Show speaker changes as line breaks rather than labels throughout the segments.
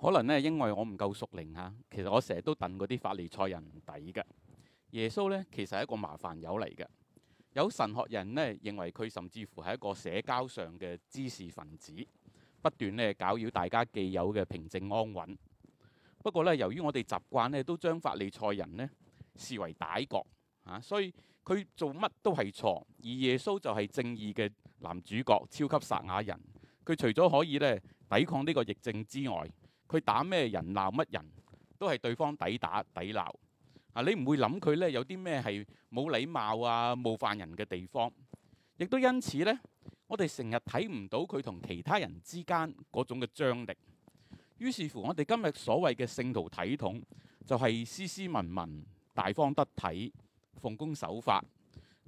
可能呢，因為我唔夠熟靈嚇，其實我成日都戥嗰啲法利賽人唔抵嘅。耶穌呢，其實係一個麻煩友嚟嘅。有神學人呢，認為佢甚至乎係一個社交上嘅知識分子，不斷呢搞擾大家既有嘅平靜安穩。不過呢，由於我哋習慣呢都將法利賽人呢視為歹角嚇、啊，所以佢做乜都係錯。而耶穌就係正義嘅男主角，超級撒亞人。佢除咗可以呢抵抗呢個疫症之外，佢打咩人鬧乜人都係對方抵打抵鬧啊！你唔會諗佢呢，有啲咩係冇禮貌啊，冒犯人嘅地方，亦都因此呢，我哋成日睇唔到佢同其他人之間嗰種嘅張力。於是乎，我哋今日所謂嘅聖徒體統，就係斯斯文文、大方得體、奉公守法，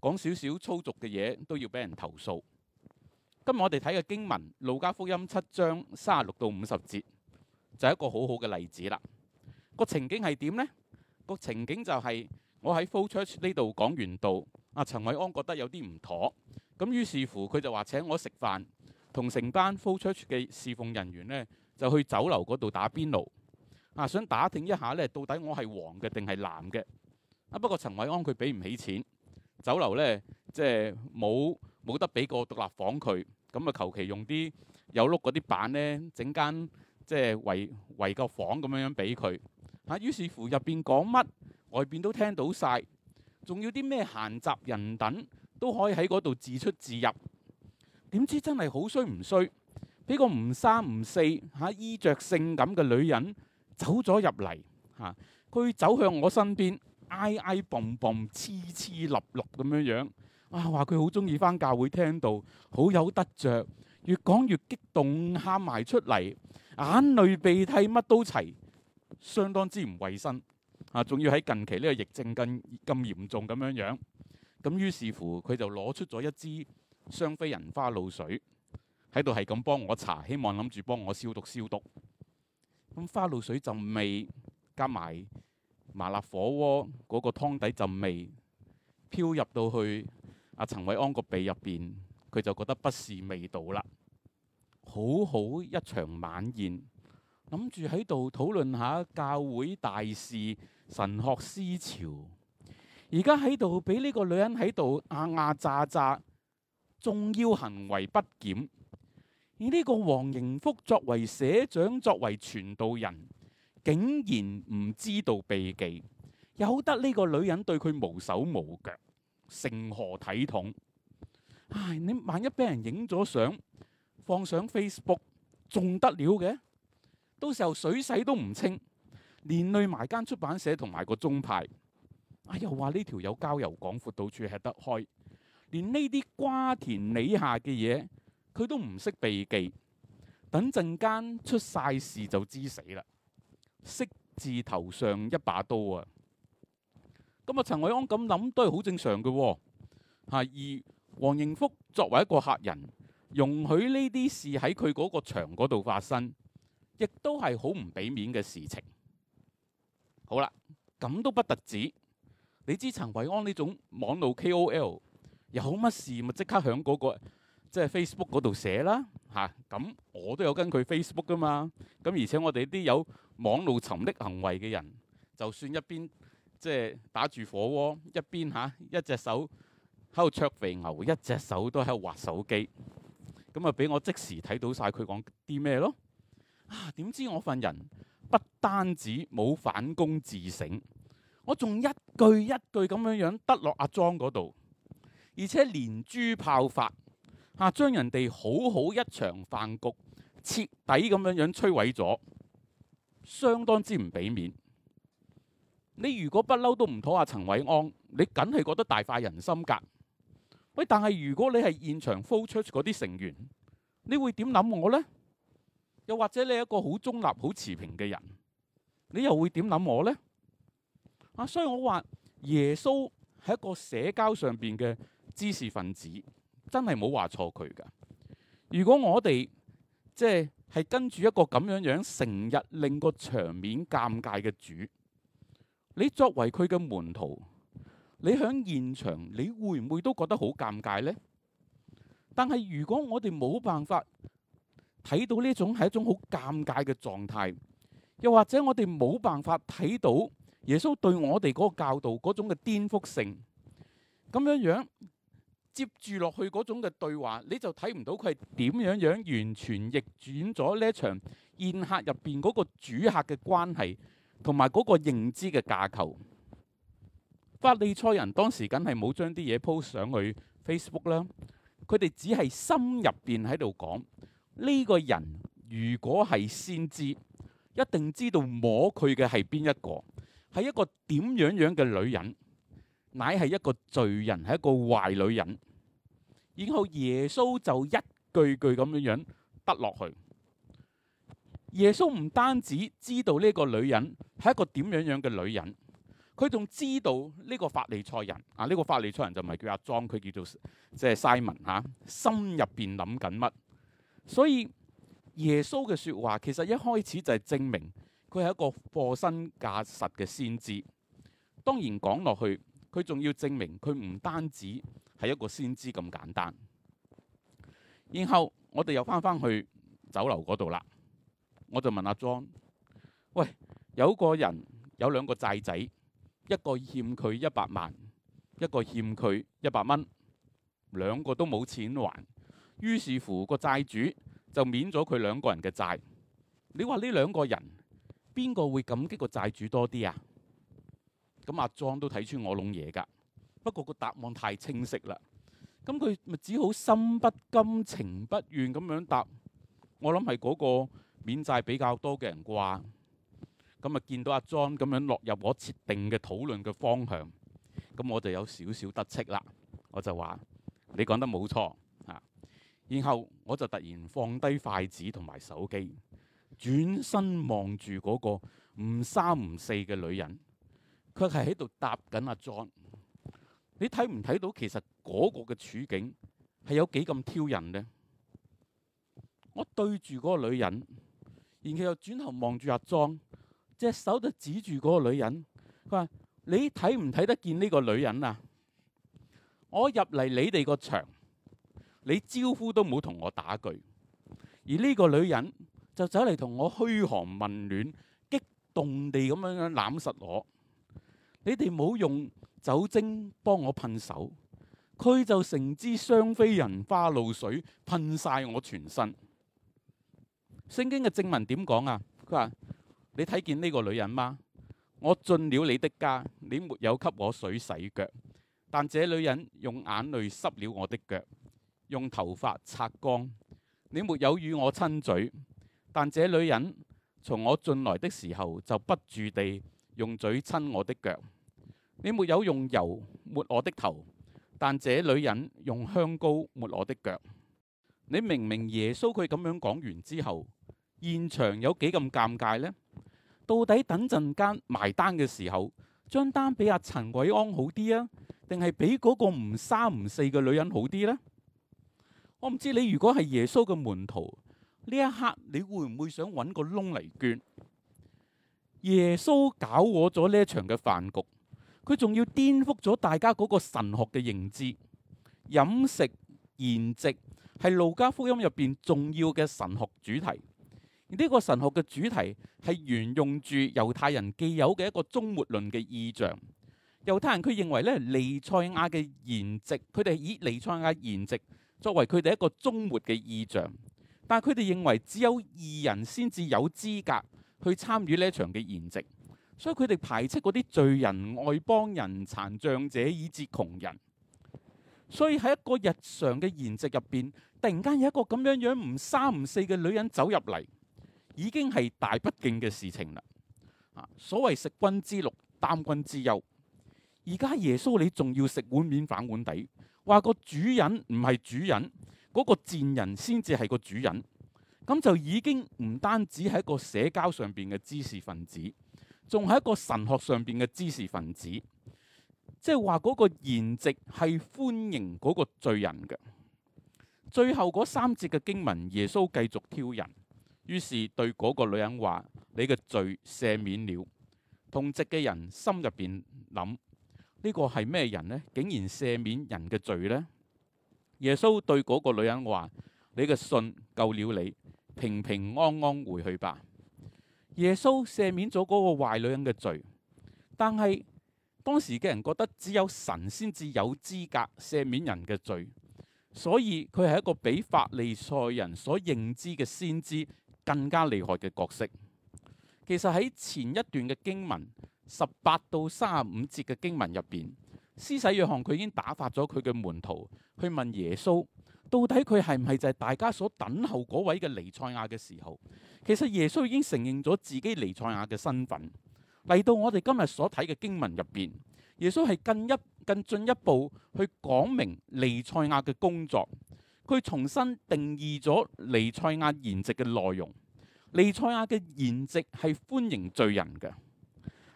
講少少粗俗嘅嘢都要俾人投訴。今日我哋睇嘅經文《路加福音》七章三十六到五十節。就係一個好好嘅例子啦。個情景係點呢？個情景就係我喺 flow church 呢度講完道，阿陳偉安覺得有啲唔妥，咁於是乎佢就話請我食飯，同成班 flow church 嘅侍奉人員呢，就去酒樓嗰度打邊爐，啊想打聽一下呢到底我係黃嘅定係藍嘅？啊不過陳偉安佢俾唔起錢，酒樓呢即係冇冇得俾個獨立房佢，咁啊求其用啲有碌嗰啲板呢，整間。即係圍，圍個房咁樣樣俾佢嚇，於是乎入面講乜，外面都聽到晒，仲要啲咩閒雜人等都可以喺嗰度自出自入。點知真係好衰唔衰，俾個唔三唔四嚇衣、啊、著性感嘅女人走咗入嚟佢、啊、走向我身邊，挨挨碰碰，黐黐立立咁樣樣啊，話佢好中意返教會聽到，好有得着，越講越激動，喊埋出嚟。眼淚鼻涕乜都齊，相當之唔衞生啊！仲要喺近期呢個疫症更咁嚴重咁樣樣，咁於是乎佢就攞出咗一支雙飛人花露水喺度係咁幫我擦，希望諗住幫我消毒消毒。咁花露水陣味加埋麻辣火鍋嗰個湯底陣味，飄入到去阿陳偉安個鼻入邊，佢就覺得不是味道啦。好好一場晚宴，諗住喺度討論下教會大事、神學思潮。而家喺度俾呢個女人喺度吖吖喳喳，仲、啊啊、要行為不檢。而呢個王礽福作為社長、作為傳道人，竟然唔知道避忌，由得呢個女人對佢無手無腳，成何體統？唉，你萬一俾人影咗相～放上 Facebook，仲得了嘅，到時候水洗都唔清，連累埋間出版社同埋個中派。哎又話呢條友交遊廣闊，到處吃得開，連呢啲瓜田李下嘅嘢，佢都唔識避忌。等陣間出晒事就知死啦，色字頭上一把刀啊！咁啊，陳偉安咁諗都係好正常嘅吓嚇，而王礽福作為一個客人。容許呢啲事喺佢嗰個場嗰度發生，亦都係好唔俾面嘅事情。好啦，咁都不特止。你知陳偉安呢種網絡 KOL 有乜事咪即刻響嗰、那個即係、就是、Facebook 嗰度寫啦嚇。咁、啊、我都有跟佢 Facebook 噶嘛。咁、啊、而且我哋啲有網絡沉溺行為嘅人，就算一邊即係、就是、打住火鍋，一邊嚇、啊、一隻手喺度灼肥牛，一隻手都喺度滑手機。咁啊，俾我即時睇到曬佢講啲咩咯！啊，點知我份人不單止冇反攻自省，我仲一句一句咁樣樣得落阿莊嗰度，而且連珠炮發、啊、將人哋好好一場飯局徹底咁樣樣摧毀咗，相當之唔俾面。你如果不嬲都唔妥阿、啊、陳偉安，你梗係覺得大快人心噶～但係如果你係現場 flow church 啲成員，你會點諗我呢？又或者你係一個好中立、好持平嘅人，你又會點諗我呢啊，所以我話耶穌係一個社交上邊嘅知識分子，真係冇話錯佢噶。如果我哋即係跟住一個咁樣樣，成日令個場面尷尬嘅主，你作為佢嘅門徒。你喺現場，你會唔會都覺得好尷尬呢？但係如果我哋冇辦法睇到呢種係一種好尷尬嘅狀態，又或者我哋冇辦法睇到耶穌對我哋嗰個教導嗰種嘅顛覆性，咁樣樣接住落去嗰種嘅對話，你就睇唔到佢係點樣樣完全逆轉咗呢場宴客入邊嗰個主客嘅關係，同埋嗰個認知嘅架構。法利賽人當時梗係冇將啲嘢 post 上去 Facebook 啦，佢哋只係心入邊喺度講，呢個人如果係先知，一定知道摸佢嘅係邊一個，係一個點樣樣嘅女人，乃係一個罪人，係一個壞女人。然後耶穌就一句句咁樣樣得落去。耶穌唔單止知道呢個女人係一個點樣樣嘅女人。佢仲知道呢個法利賽人啊，呢、呢個法利賽人就唔係叫阿莊，佢叫做即係 Simon 嚇、啊。心入邊諗緊乜？所以耶穌嘅説話其實一開始就係證明佢係一個貨真價實嘅先知。當然講落去，佢仲要證明佢唔單止係一個先知咁簡單。然後我哋又返返去酒樓嗰度啦，我就問阿莊：喂，有個人有兩個債仔。一個欠佢一百萬，一個欠佢一百蚊，兩個都冇錢還，於是乎個債主就免咗佢兩個人嘅債。你話呢兩個人邊個會感激個債主多啲啊？咁阿莊都睇穿我弄嘢噶，不過個答案太清晰啦。咁佢咪只好心不甘情不願咁樣答。我諗係嗰個免債比較多嘅人啩。咁啊！見到阿莊咁樣落入我設定嘅討論嘅方向，咁我就有少少得戚啦。我就話：你講得冇錯啊！然後我就突然放低筷子同埋手機，轉身望住嗰個唔三唔四嘅女人，佢係喺度搭緊阿莊。你睇唔睇到其實嗰個嘅處境係有幾咁挑釁呢？我對住嗰個女人，然後又轉頭望住阿莊。隻手就指住嗰個女人，佢話：你睇唔睇得見呢個女人啊？我入嚟你哋個場，你招呼都冇同我打句，而呢個女人就走嚟同我嘘寒問暖，激動地咁樣樣攬實我。你哋冇用酒精幫我噴手，佢就成支雙飛人花露水噴晒我全身。聖經嘅正文點講啊？佢話。你睇見呢個女人嗎？我進了你的家，你沒有給我水洗腳，但這女人用眼淚濕了我的腳，用頭髮擦乾。你沒有與我親嘴，但這女人從我進來的時候就不住地用嘴親我的腳。你沒有用油抹我的頭，但這女人用香膏抹我的腳。你明明耶穌佢咁樣講完之後，現場有幾咁尷尬呢？到底等陣間埋單嘅時候，將單俾阿陳偉安好啲啊，定係俾嗰個唔三唔四嘅女人好啲呢？我唔知你如果係耶穌嘅門徒，呢一刻你會唔會想搵個窿嚟捐？耶穌搞我咗呢一場嘅飯局，佢仲要顛覆咗大家嗰個神學嘅認知。飲食筵席係路加福音入邊重要嘅神學主題。呢、這個神學嘅主題係沿用住猶太人既有嘅一個終末論嘅意象。猶太人佢認為咧，彌賽亞嘅筵席，佢哋以彌賽亞筵席作為佢哋一個終末嘅意象，但係佢哋認為只有義人先至有資格去參與呢一場嘅筵席，所以佢哋排斥嗰啲罪人、外邦人、殘障者以至窮人。所以喺一個日常嘅筵席入邊，突然間有一個咁樣樣唔三唔四嘅女人走入嚟。已經係大不敬嘅事情啦！所謂食君之祿，擔君之憂。而家耶穌你仲要食碗面反碗底，話個主人唔係主人，嗰個賤人先至係個主人。咁就已經唔單止係一個社交上邊嘅知識分子，仲係一個神學上邊嘅知識分子。即係話嗰個筵席係歡迎嗰個罪人嘅。最後嗰三節嘅經文，耶穌繼續挑人。於是對嗰個女人話：你嘅罪赦免了。同席嘅人心入邊諗：呢個係咩人呢？竟然赦免人嘅罪呢？耶穌對嗰個女人話：你嘅信救了你，平平安安回去吧。耶穌赦免咗嗰個壞女人嘅罪，但係當時嘅人覺得只有神先至有資格赦免人嘅罪，所以佢係一個比法利賽人所認知嘅先知更加厲害嘅角色，其實喺前一段嘅經文十八到三十五節嘅經文入邊，施洗約翰佢已經打發咗佢嘅門徒去問耶穌，到底佢係唔係就係大家所等候嗰位嘅尼賽亞嘅時候，其實耶穌已經承認咗自己尼賽亞嘅身份。嚟到我哋今日所睇嘅經文入邊，耶穌係更一更進一步去講明尼賽亞嘅工作。佢重新定義咗彌賽亞筵席嘅內容。彌賽亞嘅筵席係歡迎罪人嘅。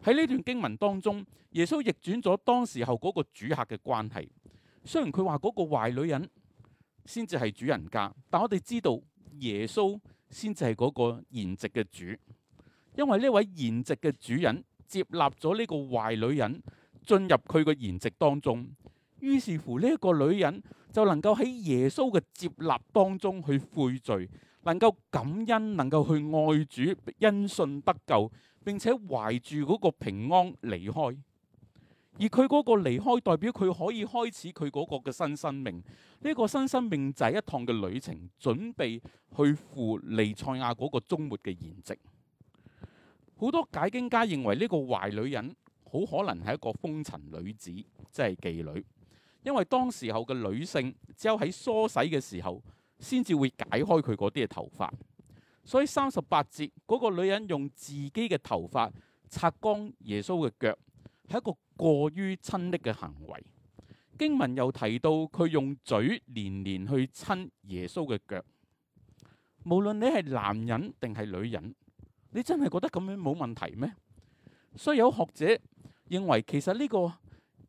喺呢段經文當中，耶穌逆轉咗當時候嗰個主客嘅關係。雖然佢話嗰個壞女人先至係主人家，但我哋知道耶穌先至係嗰個筵席嘅主，因為呢位筵席嘅主人接納咗呢個壞女人進入佢嘅筵席當中。於是乎，呢一個女人就能夠喺耶穌嘅接納當中去悔罪，能夠感恩，能夠去愛主，因信得救，並且懷住嗰個平安離開。而佢嗰個離開代表佢可以開始佢嗰個嘅新生命。呢、呢個新生命就係一趟嘅旅程，準備去赴尼塞亞嗰個終末嘅筵席。好多解經家認為呢個壞女人好可能係一個風塵女子，即係妓女。因為當時候嘅女性只有喺梳洗嘅時候，先至會解開佢嗰啲嘅頭髮，所以三十八節嗰個女人用自己嘅頭髮擦光耶穌嘅腳，係一個過於親昵嘅行為。經文又提到佢用嘴連連去親耶穌嘅腳。無論你係男人定係女人，你真係覺得咁樣冇問題咩？所以有學者認為其實呢個。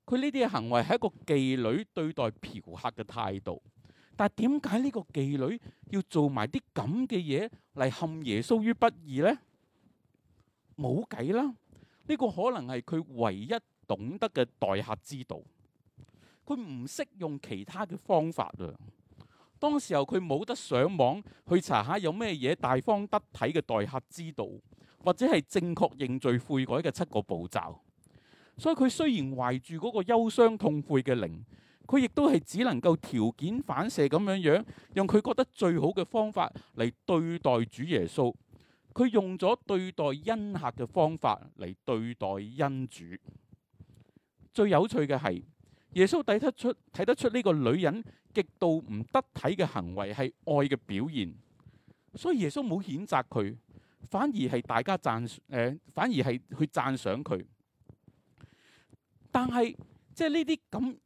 佢呢啲嘅行為係一個妓女對待嫖客嘅態度，但係點解呢個妓女要做埋啲咁嘅嘢嚟陷耶穌於不義呢？冇計啦！呢個可能係佢唯一懂得嘅待客之道，佢唔識用其他嘅方法啊！當時候佢冇得上網去查下有咩嘢大方得體嘅待客之道，或者係正確認罪悔改嘅七個步驟。所以佢雖然懷住嗰個憂傷痛悔嘅靈，佢亦都係只能夠條件反射咁樣樣，用佢覺得最好嘅方法嚟對待主耶穌。佢用咗對待恩客嘅方法嚟對待恩主。最有趣嘅係，耶穌睇得出睇得出呢個女人極度唔得體嘅行為係愛嘅表現，所以耶穌冇譴責佢，反而係大家讚誒，呃，反而係去讚賞佢。但係，即係呢啲咁，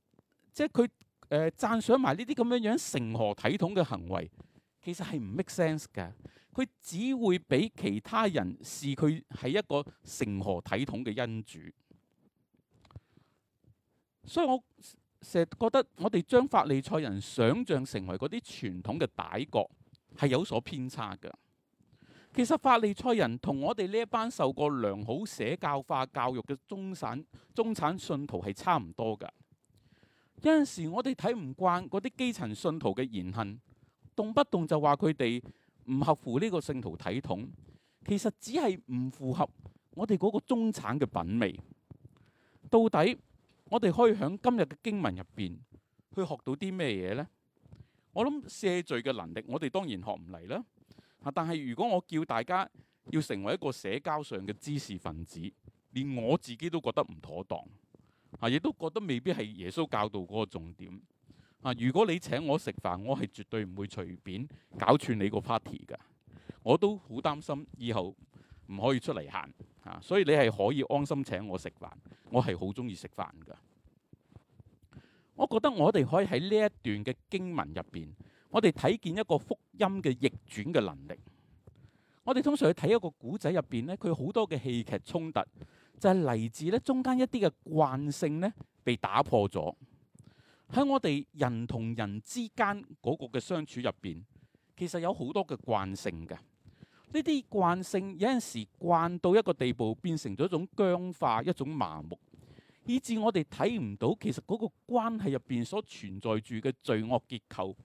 即係佢誒讚賞埋呢啲咁樣樣成何體統嘅行為，其實係唔 make sense 㗎。佢只會俾其他人視佢係一個成何體統嘅恩主。所以我成日覺得，我哋將法利賽人想像成為嗰啲傳統嘅歹角，係有所偏差㗎。其實法利賽人同我哋呢一班受過良好社教化教育嘅中產中產信徒係差唔多噶。有陣時我哋睇唔慣嗰啲基層信徒嘅言行，動不動就話佢哋唔合乎呢個信徒體統。其實只係唔符合我哋嗰個中產嘅品味。到底我哋可以喺今日嘅經文入邊去學到啲咩嘢呢？我諗赦罪嘅能力，我哋當然學唔嚟啦。但係如果我叫大家要成為一個社交上嘅知識分子，連我自己都覺得唔妥當，嚇！亦都覺得未必係耶穌教導嗰個重點。嚇！如果你請我食飯，我係絕對唔會隨便搞串你個 party 噶。我都好擔心以後唔可以出嚟行嚇，所以你係可以安心請我食飯，我係好中意食飯噶。我覺得我哋可以喺呢一段嘅經文入邊。我哋睇見一個福音嘅逆轉嘅能力。我哋通常去睇一個古仔入邊咧，佢好多嘅戲劇衝突就係嚟自咧中間一啲嘅慣性咧被打破咗。喺我哋人同人之間嗰個嘅相處入邊，其實有好多嘅慣性嘅呢啲慣性有陣時慣到一個地步，變成咗一種僵化、一種麻木，以至我哋睇唔到其實嗰個關係入邊所存在住嘅罪惡結構。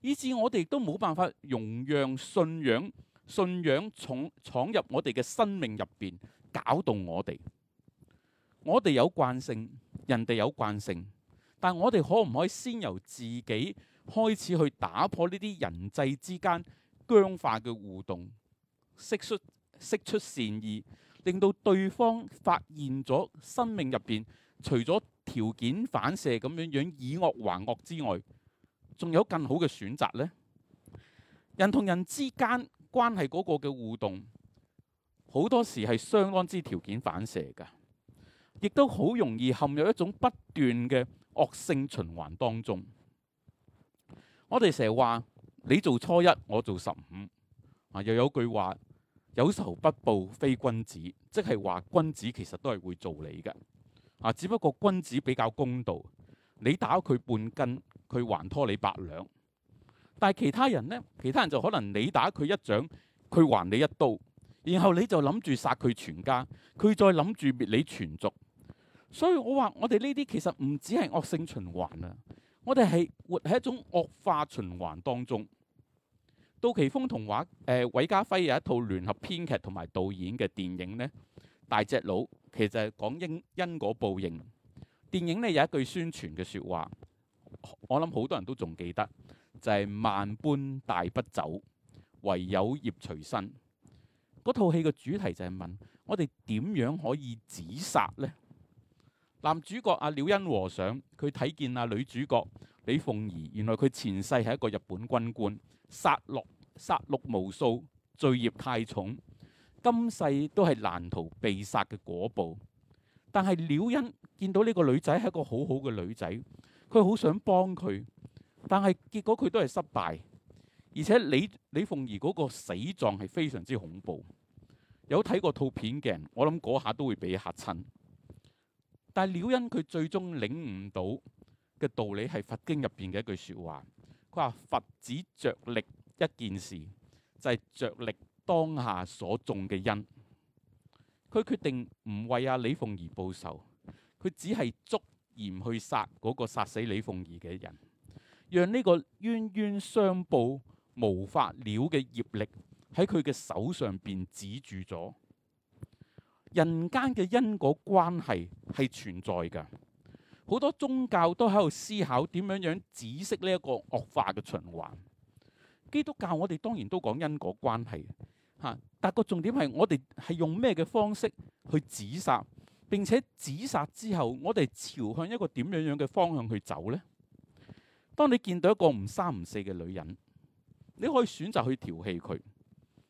以致我哋都冇辦法容讓信仰、信仰闖闖入我哋嘅生命入邊，搞動我哋。我哋有慣性，人哋有慣性，但我哋可唔可以先由自己開始去打破呢啲人際之間僵化嘅互動，釋出釋出善意，令到對方發現咗生命入邊除咗條件反射咁樣樣以惡還惡之外仲有更好嘅選擇呢？人同人之間關係嗰個嘅互動，好多時係相當之條件反射㗎，亦都好容易陷入一種不斷嘅惡性循環當中。我哋成日話你做初一，我做十五啊！又有句話：有仇不報非君子，即係話君子其實都係會做你嘅啊！只不過君子比較公道。你打佢半斤，佢還拖你百兩。但係其他人呢？其他人就可能你打佢一掌，佢還你一刀。然後你就諗住殺佢全家，佢再諗住滅你全族。所以我話我哋呢啲其實唔只係惡性循環啊，我哋係活喺一種惡化循環當中。杜琪峰同話誒韋家輝有一套聯合編劇同埋導演嘅電影呢，《大隻佬》其實係講因因果報應。電影呢，有一句宣傳嘅説話，我諗好多人都仲記得，就係、是、萬般帶不走，唯有業隨身。嗰套戲嘅主題就係問我哋點樣可以止殺呢？男主角阿廖恩和尚，佢睇見阿女主角李鳳儀，原來佢前世係一個日本軍官，殺戮殺戮無數，罪孽太重，今世都係難逃被殺嘅果報。但係了因見到呢個女仔係一個好好嘅女仔，佢好想幫佢，但係結果佢都係失敗，而且李李鳳儀嗰個死狀係非常之恐怖，有睇過套片嘅人，我諗嗰下都會俾嚇親。但係了因佢最終領悟到嘅道理係佛經入邊嘅一句説話，佢話佛只着力一件事，就係、是、着力當下所種嘅因。佢決定唔為阿李鳳儀報仇，佢只係捉嫌去殺嗰個殺死李鳳儀嘅人，讓呢個冤冤相報無法了嘅業力喺佢嘅手上邊止住咗。人間嘅因果關係係存在㗎，好多宗教都喺度思考點樣樣止息呢一個惡化嘅循環。基督教我哋當然都講因果關係。吓！但個重點係，我哋係用咩嘅方式去止殺？並且止殺之後，我哋朝向一個點樣樣嘅方向去走呢？當你見到一個唔三唔四嘅女人，你可以選擇去調戲佢，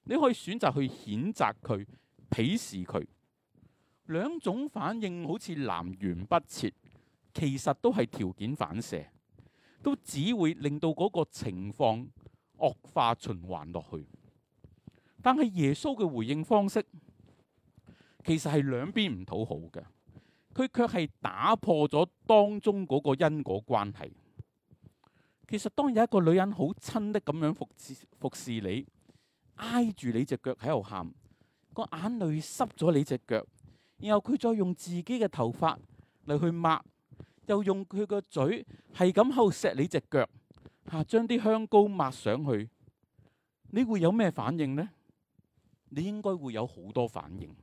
你可以選擇去譴責佢、鄙視佢，兩種反應好似南轅北轍，其實都係條件反射，都只會令到嗰個情況惡化循環落去。但係耶穌嘅回應方式，其實係兩邊唔討好嘅。佢卻係打破咗當中嗰個因果關係。其實當有一個女人好親的咁樣服侍服侍你，挨住你隻腳喺度喊，個眼淚濕咗你隻腳，然後佢再用自己嘅頭髮嚟去抹，又用佢個嘴係咁喺度錫你隻腳，吓，將啲香膏抹上去，你會有咩反應呢？你應該會有好多反應。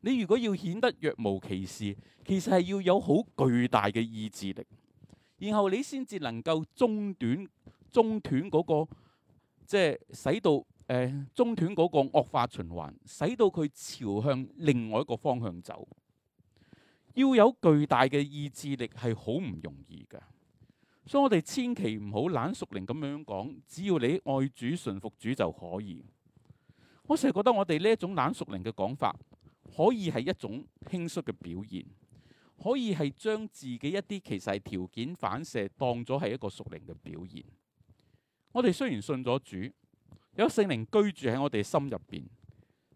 你如果要顯得若無其事，其實係要有好巨大嘅意志力，然後你先至能夠中斷中斷嗰個，即係使到誒中斷嗰個惡化循環，使到佢朝向另外一個方向走。要有巨大嘅意志力係好唔容易㗎，所以我哋千祈唔好懶熟靈咁樣講，只要你愛主、順服主就可以。我成日覺得我哋呢一種懶熟靈嘅講法，可以係一種輕率嘅表現，可以係將自己一啲其實係條件反射當咗係一個熟靈嘅表現。我哋雖然信咗主，有個聖靈居住喺我哋心入邊，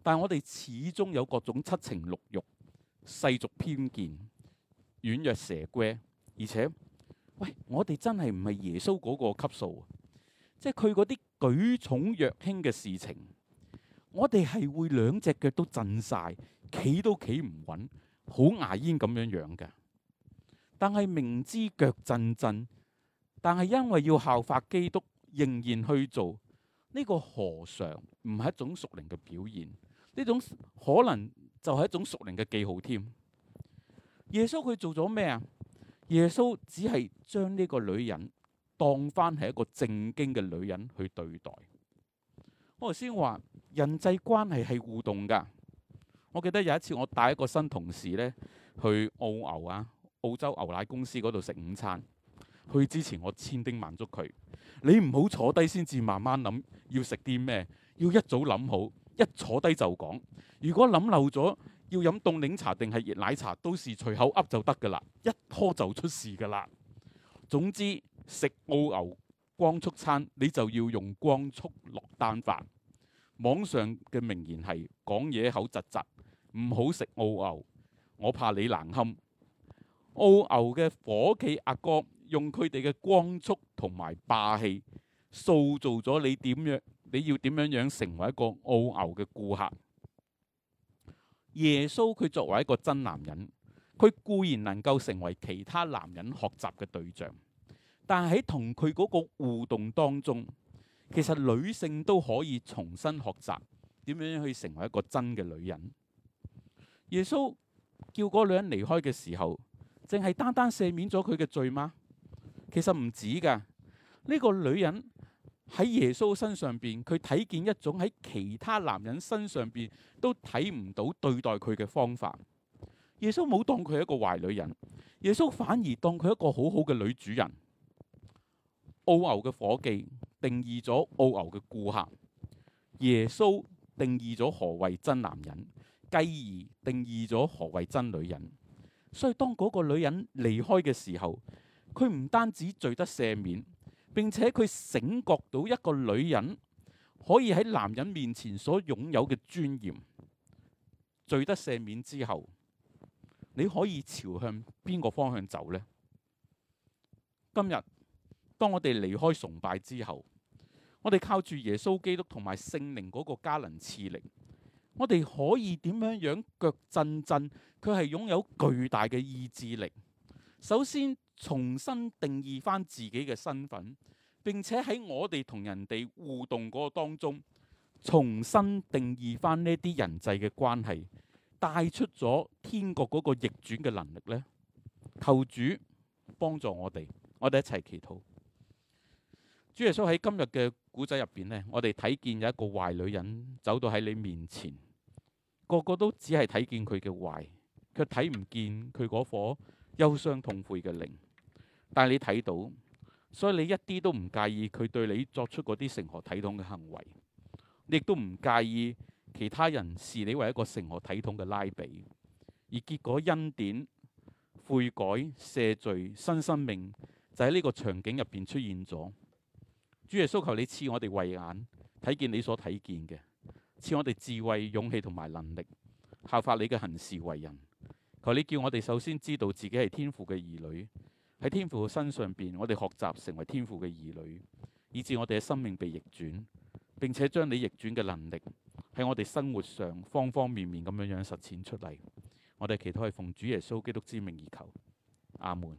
但係我哋始終有各種七情六欲、世俗偏見、軟弱蛇窩，而且，喂，我哋真係唔係耶穌嗰個級數啊！即係佢嗰啲舉重若輕嘅事情。我哋係會兩隻腳都震晒，企都企唔穩，好牙煙咁樣樣嘅。但係明知腳震震，但係因為要效法基督，仍然去做呢、這個何嘗唔係一種屬靈嘅表現？呢種可能就係一種屬靈嘅記號添。耶穌佢做咗咩啊？耶穌只係將呢個女人當翻係一個正經嘅女人去對待。我頭先話人際關係係互動㗎。我記得有一次我帶一個新同事呢去澳牛啊澳洲牛奶公司嗰度食午餐。去之前我千叮萬囑佢：你唔好坐低先至慢慢諗，要食啲咩？要一早諗好，一坐低就講。如果諗漏咗，要飲凍檸茶定係熱奶茶，到時隨口噏就得㗎啦。一拖就出事㗎啦。總之食澳牛。光速餐，你就要用光速落單法。網上嘅名言係：講嘢口窒窒，唔好食澳牛，我怕你難堪。澳牛嘅伙記阿哥，用佢哋嘅光速同埋霸氣，塑造咗你點樣，你要點樣樣成為一個澳牛嘅顧客。耶穌佢作為一個真男人，佢固然能夠成為其他男人學習嘅對象。但喺同佢嗰個互動當中，其實女性都可以重新學習點樣去成為一個真嘅女人。耶穌叫嗰個女人離開嘅時候，淨係單單赦免咗佢嘅罪嗎？其實唔止噶。呢個女人喺耶穌身上邊，佢睇見一種喺其他男人身上邊都睇唔到對待佢嘅方法。耶穌冇當佢一個壞女人，耶穌反而當佢一個好好嘅女主人。澳牛嘅夥計定義咗澳牛嘅顧客，耶穌定義咗何謂真男人，繼而定義咗何謂真女人。所以當嗰個女人離開嘅時候，佢唔單止罪得赦免，並且佢醒覺到一個女人可以喺男人面前所擁有嘅尊嚴，罪得赦免之後，你可以朝向邊個方向走呢？今日。當我哋離開崇拜之後，我哋靠住耶穌基督同埋聖靈嗰個加能賜力，我哋可以點樣樣腳震震？佢係擁有巨大嘅意志力。首先，重新定義翻自己嘅身份，並且喺我哋同人哋互動嗰個當中，重新定義翻呢啲人際嘅關係，帶出咗天國嗰個逆轉嘅能力呢。求主幫助我哋，我哋一齊祈禱。主耶穌喺今日嘅古仔入邊呢，我哋睇見有一個壞女人走到喺你面前，個個都只係睇見佢嘅壞，卻睇唔見佢嗰顆憂傷痛悔嘅靈。但係你睇到，所以你一啲都唔介意佢對你作出嗰啲成何體統嘅行為，你亦都唔介意其他人視你為一個成何體統嘅拉比。而結果恩典、悔改、赦罪、新生命就喺呢個場景入邊出現咗。主耶穌，求你賜我哋慧眼，睇見你所睇見嘅；賜我哋智慧、勇氣同埋能力，效法你嘅行事為人。求你叫我哋首先知道自己係天父嘅兒女，喺天父嘅身上邊，我哋學習成為天父嘅兒女，以致我哋嘅生命被逆轉，並且將你逆轉嘅能力喺我哋生活上方方面面咁樣樣實踐出嚟。我哋祈禱係奉主耶穌基督之名而求，阿門。